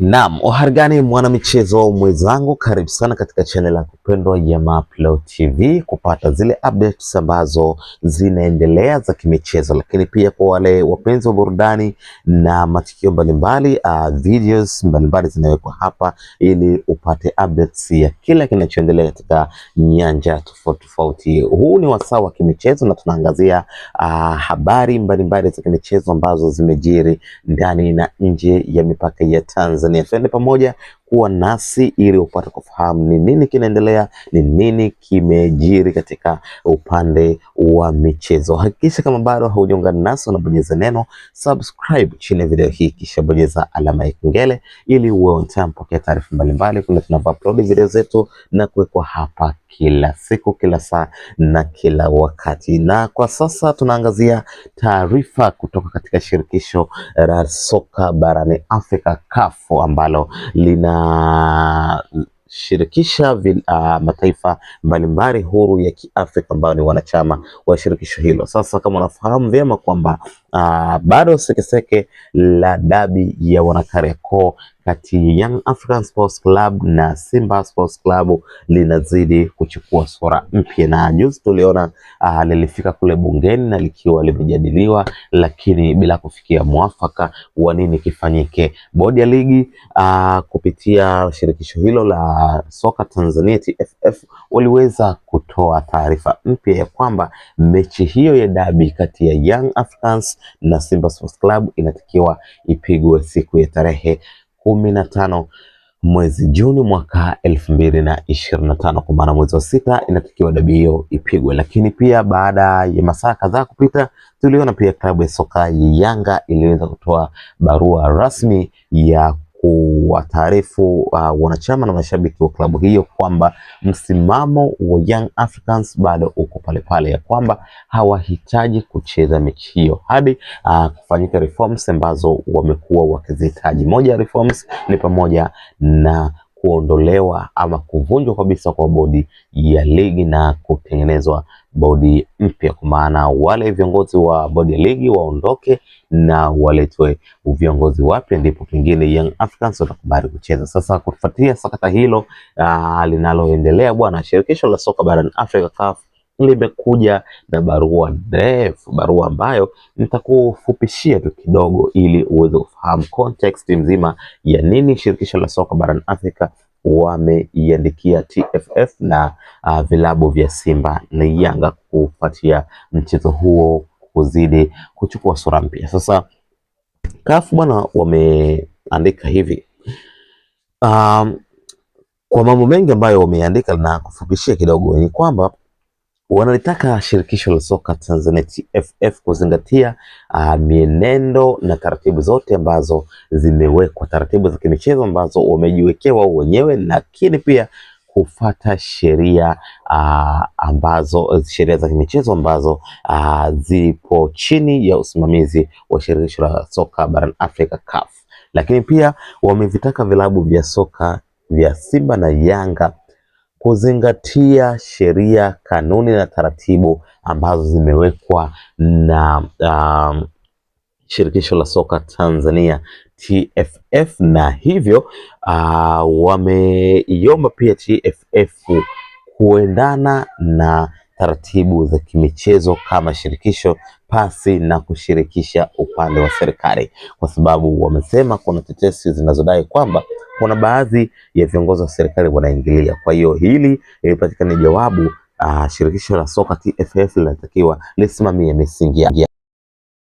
Naam, mwana mwanamichezo mwenzangu, karibu sana katika channel ya kupendwa ya Mapro TV kupata zile updates ambazo zinaendelea za kimichezo, lakini pia kwa wale wapenzi wa burudani na matukio mbalimbali, uh, videos mbalimbali zinawekwa hapa ili upate updates ya kila kinachoendelea katika nyanja tofauti tofauti. Huu ni wasaa wa kimichezo na tunaangazia uh, habari mbalimbali za kimichezo ambazo zimejiri ndani na nje ya mipaka ya Tanzania. Tanzania. Twende pamoja kuwa nasi ili upate kufahamu ni nini kinaendelea, ni nini kimejiri katika upande wa michezo. Hakikisha kama bado haujaungana nasi, unabonyeza neno subscribe chini ya video hii, kisha bonyeza alama ya kengele ili uwe on time pokea taarifa mbalimbali kuna upload video zetu na kuwekwa hapa kila siku, kila saa na kila wakati. Na kwa sasa tunaangazia taarifa kutoka katika shirikisho la soka barani Afrika CAF ambalo lina inashirikisha uh, ah, mataifa mbalimbali huru ya Kiafrika ambayo ni wanachama wa shirikisho hilo. Sasa kama unafahamu vyema kwamba Ah, bado sekeseke la dabi ya wanakariakoo kati ya Young African Sports Club na Simba Sports Club linazidi kuchukua sura mpya, na juzi tuliona uh, lilifika kule bungeni na likiwa limejadiliwa, lakini bila kufikia mwafaka wa nini kifanyike. Bodi ya ligi uh, kupitia shirikisho hilo la soka Tanzania TFF waliweza kutoa taarifa mpya ya kwamba mechi hiyo ya dabi kati ya Young Africans na Simba Sports Club inatakiwa ipigwe siku ya tarehe kumi na tano mwezi Juni mwaka elfu mbili na ishirini na tano kwa maana mwezi wa sita inatakiwa dabi hiyo ipigwe. Lakini pia baada ya masaa kadhaa kupita, tuliona pia klabu ya soka ya Yanga iliweza kutoa barua rasmi ya kuwataarifu uh, wanachama na mashabiki wa klabu hiyo kwamba msimamo wa Young Africans bado uko pale pale, ya kwamba hawahitaji kucheza mechi hiyo hadi uh, kufanyika reforms ambazo wamekuwa wakizihitaji. Moja ya reforms ni pamoja na kuondolewa ama kuvunjwa kabisa kwa bodi ya ligi na kutengenezwa bodi mpya, kwa maana wale viongozi wa bodi ya ligi waondoke na waletwe viongozi wapya, ndipo pengine Young Africans watakubali kucheza. Sasa kufuatia sakata hilo ah, linaloendelea, bwana, shirikisho la soka barani Afrika CAF limekuja na barua ndefu, barua ambayo nitakufupishia tu kidogo, ili uweze kufahamu context mzima ya nini shirikisho la soka barani Afrika wameiandikia TFF na uh, vilabu vya Simba na Yanga kufuatia mchezo huo kuzidi kuchukua sura mpya. Sasa kafu bwana wameandika hivi um, kwa mambo mengi ambayo wameandika na kufupishia kidogo ni kwamba wanalitaka shirikisho la soka Tanzania TFF kuzingatia uh, mienendo na taratibu zote ambazo zimewekwa, taratibu za kimichezo ambazo wamejiwekewa wenyewe, lakini pia kufata sheria uh, ambazo sheria za kimichezo ambazo uh, zipo chini ya usimamizi wa shirikisho la soka barani Afrika CAF, lakini pia wamevitaka vilabu vya soka vya Simba na Yanga kuzingatia sheria, kanuni na taratibu ambazo zimewekwa na um, shirikisho la soka Tanzania TFF, na hivyo uh, wameiomba pia TFF kuendana na taratibu za kimichezo kama shirikisho pasi na kushirikisha upande wa serikali, kwa sababu wamesema kuna tetesi zinazodai kwamba kuna baadhi ya viongozi wa serikali wanaingilia. Kwa hiyo hili ilipatikana jawabu, uh, shirikisho la soka TFF linatakiwa lisimamie misingi